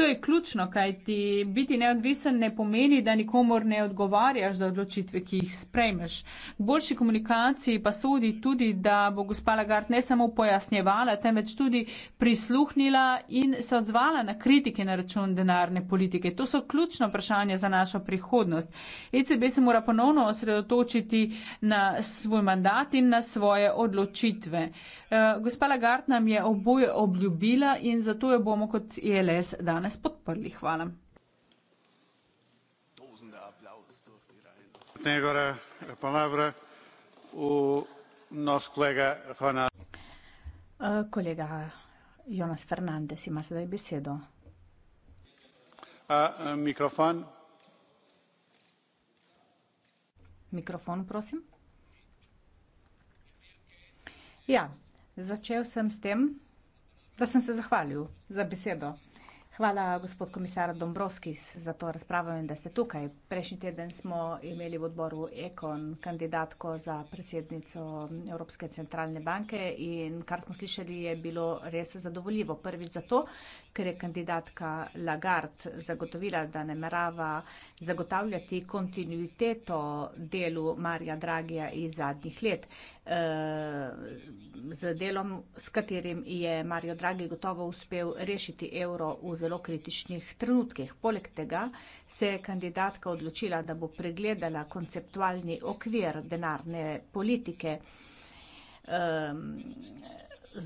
To je ključno, kajti biti neodvisen ne pomeni, da nikomor ne odgovarjaš za odločitve, ki jih sprejmeš. V boljši komunikaciji pa sodi tudi, da bo gospa Lagard ne samo pojasnjevala, temveč tudi prisluhnila in se odzvala na kritike na račun denarne politike. To so ključno vprašanje za našo prihodnost. ECB se mora ponovno osredotočiti na svoj mandat in na svoje odločitve. Eh, gospa Lagard nam je oboje obljubila in zato jo bomo kot ELS danes nas podprli. Hvala. Kolega eh, eh, Jonas Fernandes ima sedaj besedo. Eh, mikrofon. Mikrofon, prosim. Ja, začel sem s tem, da sem se zahvalil za besedo. Hvala, gospod komisar Dombrovskis, za to razpravo in da ste tukaj. Prejšnji teden smo imeli v odboru Ekon kandidatko za predsednico Evropske centralne banke in kar smo slišali, je bilo res zadovoljivo. Prvič zato, ker je kandidatka Lagarde zagotovila, da namerava zagotavljati kontinuiteto delu Marija Dragija iz zadnjih let. E, z delom, s katerim je Marijo Dragi gotovo uspel rešiti evro v zelo kritičnih trenutkih. Poleg tega se je kandidatka odločila, da bo pregledala konceptualni okvir denarne politike e,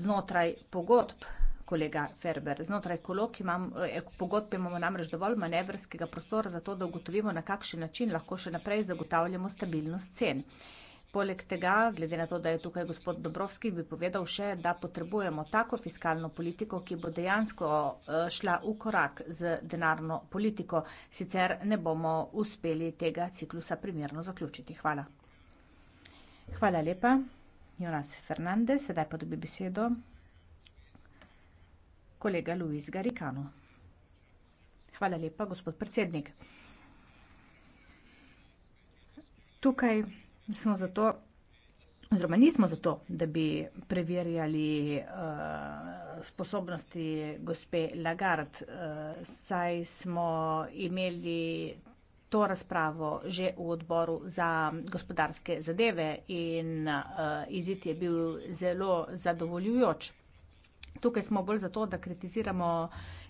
znotraj pogodb kolega Ferber. Znotraj kolok imam, eh, pogodb imamo namreč dovolj manevrskega prostora za to, da ugotovimo, na kakšen način lahko še naprej zagotavljamo stabilnost cen. Poleg tega, glede na to, da je tukaj gospod Dobrovski, bi povedal še, da potrebujemo tako fiskalno politiko, ki bo dejansko eh, šla v korak z denarno politiko, sicer ne bomo uspeli tega ciklusa primerno zaključiti. Hvala. Hvala lepa. Jonas Fernandez, sedaj pa dobi besedo kolega Luis Garicano. Hvala lepa, gospod predsednik. Tukaj smo zato, oziroma nismo zato, da bi preverjali uh, sposobnosti gospe Lagarde, uh, saj smo imeli to razpravo že v odboru za gospodarske zadeve in uh, izid je bil zelo zadovoljujoč. Tukaj smo bolj zato, da kritiziramo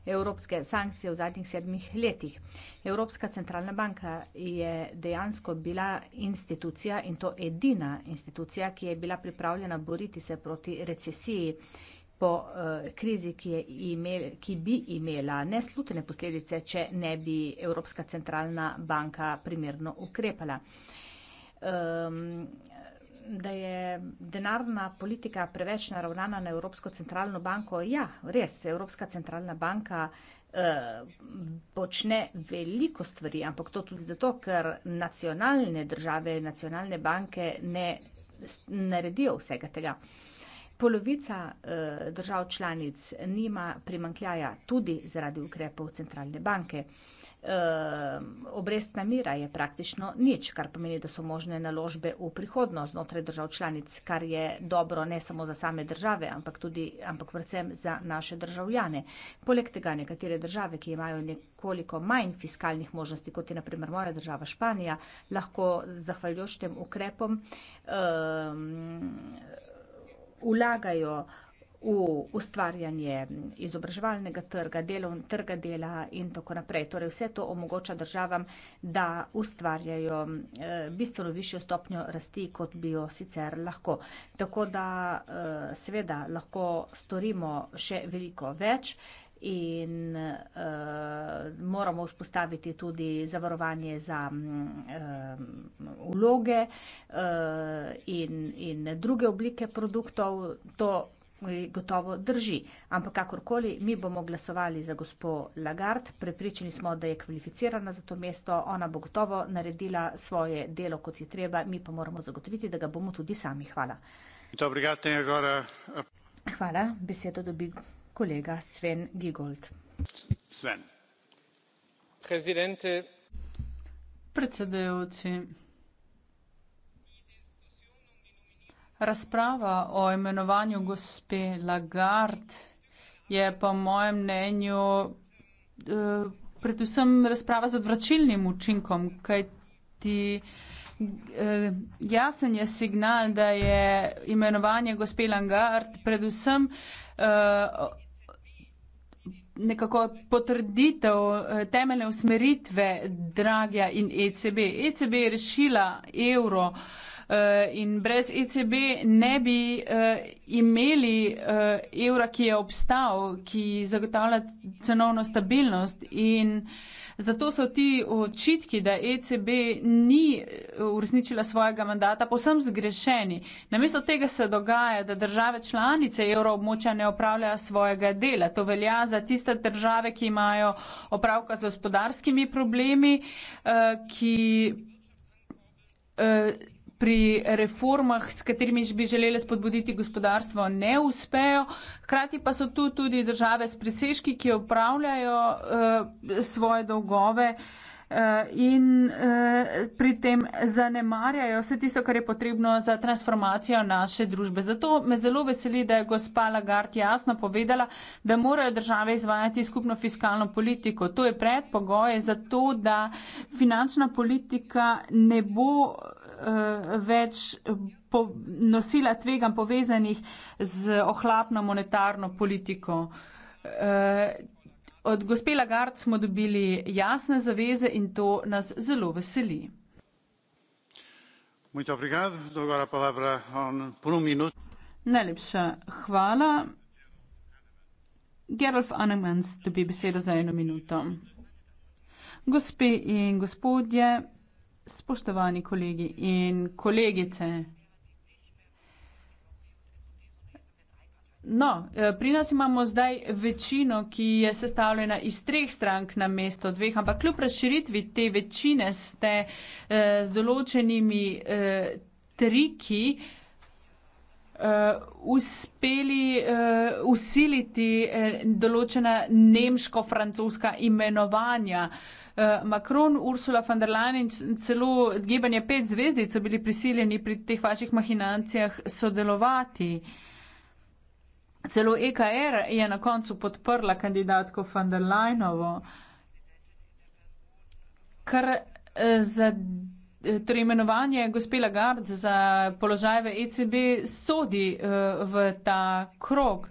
evropske sankcije v zadnjih sedmih letih. Evropska centralna banka je dejansko bila institucija in to edina institucija, ki je bila pripravljena boriti se proti recesiji po uh, krizi, ki, je imel, ki bi imela neslutene posledice, če ne bi Evropska centralna banka primerno ukrepala. Um, da je denarna politika preveč naravnana na Evropsko centralno banko. Ja, res, Evropska centralna banka eh, počne veliko stvari, ampak to tudi zato, ker nacionalne države, nacionalne banke ne naredijo vsega tega. Polovica eh, držav članic nima primankljaja tudi zaradi ukrepov centralne banke. Ehm, obrestna mira je praktično nič, kar pomeni, da so možne naložbe v prihodnost znotraj držav članic, kar je dobro ne samo za same države, ampak tudi, ampak predvsem za naše državljane. Poleg tega nekatere države, ki imajo nekoliko manj fiskalnih možnosti, kot je naprimer moja država Španija, lahko zahvaljujoč tem ukrepom um, vlagajo uh, v ustvarjanje izobraževalnega trga, delovnega trga dela in tako naprej. Torej vse to omogoča državam, da ustvarjajo eh, bistveno višjo stopnjo rasti, kot bi jo sicer lahko. Tako da eh, seveda lahko storimo še veliko več in uh, moramo vzpostaviti tudi zavarovanje za um, mm, uloge uh, in, in druge oblike produktov. To gotovo drži. Ampak kakorkoli, mi bomo glasovali za gospo Lagarde, prepričani smo, da je kvalificirana za to mesto, ona bo gotovo naredila svoje delo, kot je treba, mi pa moramo zagotoviti, da ga bomo tudi sami. Hvala. Hvala. Besedo dobi kolega Sven Gigold. Sven. Predsedujoči. Razprava o imenovanju gospe Lagarde je po mojem mnenju eh, predvsem razprava z odvračilnim učinkom, kajti eh, jasen je signal, da je imenovanje gospe Lagarde predvsem eh, nekako potrditev temeljne usmeritve Dragja in ECB. ECB je rešila evro. Eh, in brez ECB ne bi uh, imeli uh, evra, ki je obstal, ki zagotavlja cenovno stabilnost. In zato so ti očitki, da ECB ni uresničila svojega mandata, posem zgrešeni. Namesto tega se dogaja, da države članice evroobmočja ne opravljajo svojega dela. To velja za tiste države, ki imajo opravka z gospodarskimi problemi, uh, ki. Uh, pri reformah, s katerimi bi želeli spodbuditi gospodarstvo, ne uspejo. Hkrati pa so tu tudi države s presežki, ki upravljajo uh, eh, svoje dolgove uh, in uh, pri tem zanemarjajo vse tisto, kar je potrebno za transformacijo naše družbe. Zato me zelo veseli, da je gospa Lagarde jasno povedala, da morajo države izvajati skupno fiskalno politiko. To je predpogoj za to, da finančna politika ne bo Eh, več po, nosila tvegan povezanih z ohlapno monetarno politiko. Eh, od gospe Lagarde smo dobili jasne zaveze in to nas zelo veseli. Um Najlepša hvala. Gerolf Annemans dobi besedo za eno minuto. Gospe in gospodje, Spoštovani kolegi in kolegice. No, eh, pri nas imamo zdaj večino, ki je sestavljena iz treh strank namesto dveh, ampak kljub razširitvi te večine ste eh, z določenimi eh, triki uspeli vsiliti določena nemško-francoska imenovanja. Eh, Macron, Ursula von der Leyen in celo gibanje pet zvezdic so bili prisiljeni pri teh vaših mahinacijah sodelovati. Celo EKR je na koncu podprla kandidatko von der Leyenovo, kar eh, za eh, torej imenovanje gospe Lagarde za položaj v ECB sodi v ta krog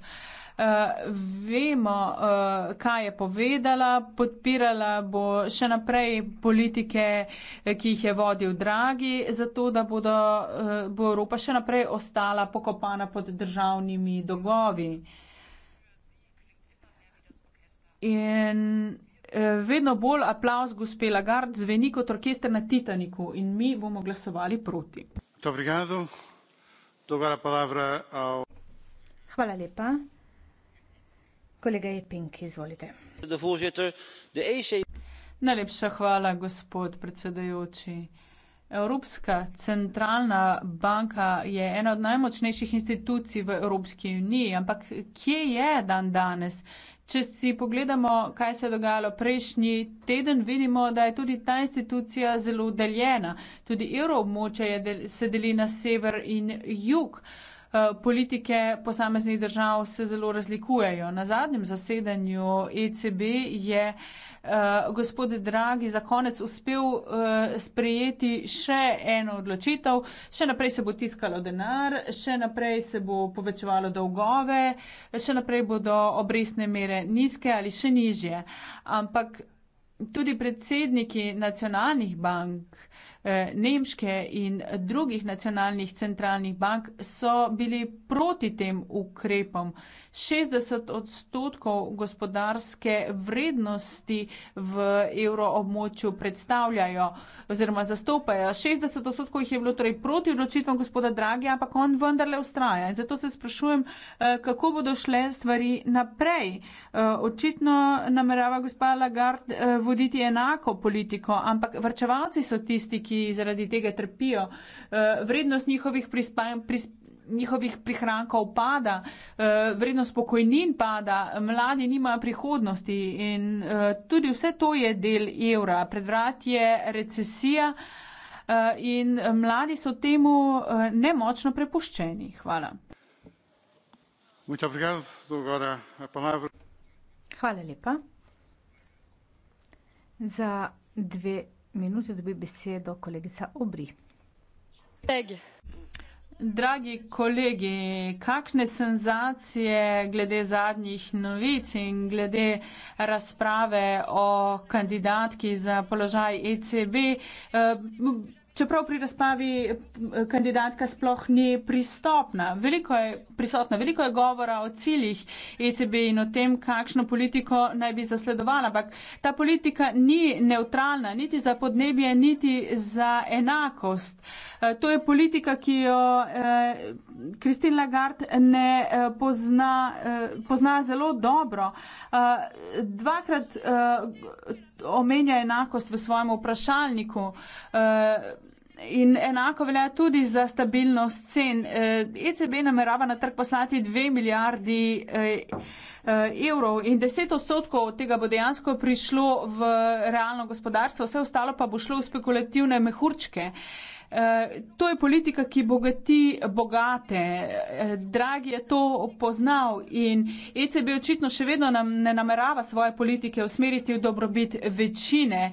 vemo, uh, kaj je povedala, podpirala bo še naprej politike, eh, ki jih je vodil Dragi, zato da bodo, uh, bo Evropa še naprej ostala pokopana pod državnimi dogovi. In uh, vedno bolj aplaus gospe Lagarde zveni kot orkester na Titaniku in mi bomo glasovali proti. Hvala lepa. Najlepša hvala, gospod predsedujoči. Evropska centralna banka je ena od najmočnejših institucij v Evropski uniji, ampak kje je dan danes? Če si pogledamo, kaj se je dogajalo prejšnji teden, vidimo, da je tudi ta institucija zelo deljena. Tudi evroobmočje del se deli na sever in jug. Eh, politike posameznih držav se zelo razlikujejo. Na zadnjem zasedanju ECB je eh, gospod Dragi za konec uspel eh, sprejeti še eno odločitev. Še naprej se bo tiskalo denar, še naprej se bo povečevalo dolgove, še naprej bodo obresne mere nizke ali še nižje. Ampak tudi predsedniki nacionalnih bank Eh, nemške in drugih nacionalnih centralnih bank so bili proti tem ukrepom. 60 odstotkov gospodarske vrednosti v evroobmočju predstavljajo oziroma zastopajo. 60 odstotkov jih je bilo torej proti odločitvam gospoda Dragi, ampak on vendarle ustraja. In zato se sprašujem, eh, kako bodo šle stvari naprej. Eh, očitno namerava gospa Lagarde voditi enako politiko, ampak vrčevalci so tisti, ki ki zaradi tega trpijo, eh, vrednost njihovih prispevkov. Njihovih prihrankov pada, eh, vrednost pokojnin pada, mladi nimajo prihodnosti in eh, tudi vse to je del evra. Pred vrat je recesija in mladi so temu nemočno prepuščeni. Hvala. Hvala lepa. Za dve minuti dobi besedo kolegica Obri. Dragi kolegi, kakšne senzacije glede zadnjih novic in glede razprave o kandidatki za položaj ECB? Uh, eh, čeprav pri razpravi eh, kandidatka sploh ni prisotna. Veliko je prisotna, veliko je govora o ciljih ECB in o tem, kakšno politiko naj bi zasledovala, ampak ta politika ni neutralna, niti za podnebje, niti za enakost. Eh, to je politika, ki jo eh, Kristin Lagarde ne eh, pozna, eh, pozna zelo dobro. Eh, dvakrat omenja enakost v svojem vprašalniku in enako velja tudi za stabilnost cen. ECB e namerava na trg poslati 2 milijardi evrov in 10 odstotkov od tega bo dejansko prišlo v realno gospodarstvo, vse ostalo pa bo šlo v spekulativne mehurčke. Eh, to je politika, ki bogati bogate. Eh, dragi je to poznal in ECB očitno še vedno nam ne namerava svoje politike usmeriti v dobrobit večine.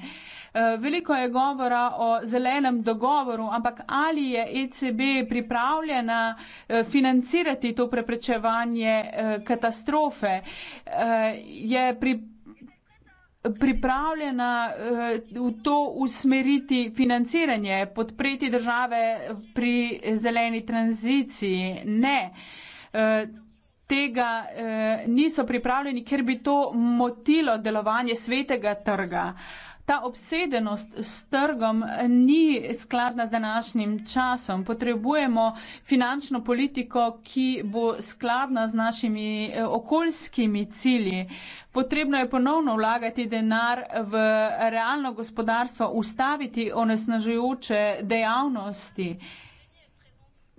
Eh, veliko je govora o zelenem dogovoru, ampak ali je ECB pripravljena financirati to preprečevanje katastrofe? Je pripravljena pripravljena eh, v to usmeriti financiranje, podpreti države pri zeleni tranziciji. Ne, eh, tega eh, niso pripravljeni, ker bi to motilo delovanje svetega trga ta obsedenost s trgom ni skladna z današnjim časom. Potrebujemo finančno politiko, ki bo skladna z našimi eh, okoljskimi cilji. Potrebno je ponovno vlagati denar v realno gospodarstvo, ustaviti onesnažujoče dejavnosti.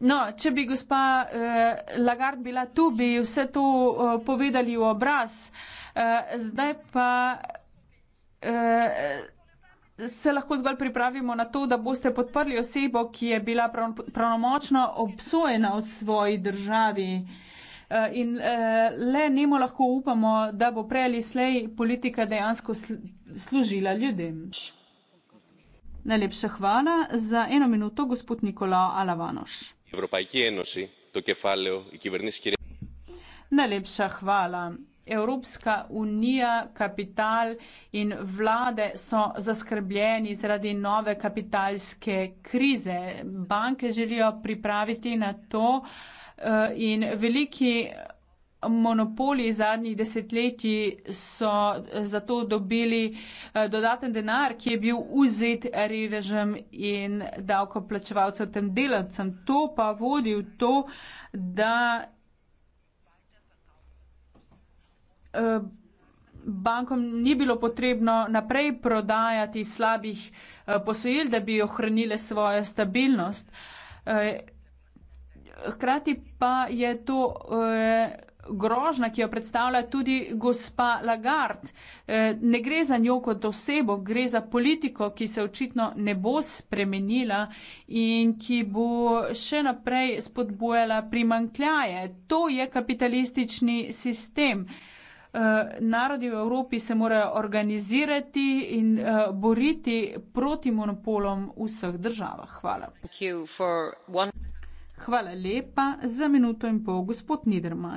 No, če bi gospa eh, Lagard bila tu, bi vse to eh, povedali v obraz. Eh, zdaj pa. Eh, se lahko zgolj pripravimo na to, da boste podprli osebo, ki je bila prav, pravnomočno obsojena v svoji državi. Eh, in eh, le nemo lahko upamo, da bo prej ali slej politika dejansko služila ljudem. Najlepša hvala. Za eno minuto gospod Nikola Alavanoš. Najlepša hvala. Evropska unija, kapital in vlade so zaskrbljeni zaradi nove kapitalske krize. Banke želijo pripraviti na to eh, in veliki monopoli zadnjih desetletji so eh, zato dobili eh, dodaten denar, ki je bil vzet revežem in davkoplačevalcem, tem delavcem. To pa vodi v to, da Eh, bankom ni bilo potrebno naprej prodajati slabih eh, posojil, da bi ohranile svojo stabilnost. Eh, hkrati pa je to grožna, ki jo predstavlja tudi gospa Lagarde. Ne gre za njo kot osebo, gre za politiko, ki se očitno ne bo spremenila in ki bo še naprej spodbojala primankljaje. To je kapitalistični sistem. Eh, narodi v Evropi se morajo organizirati in uh, boriti proti monopolom v vseh državah. Hvala. Hvala lepa za minuto in pol, gospod Niedermayer.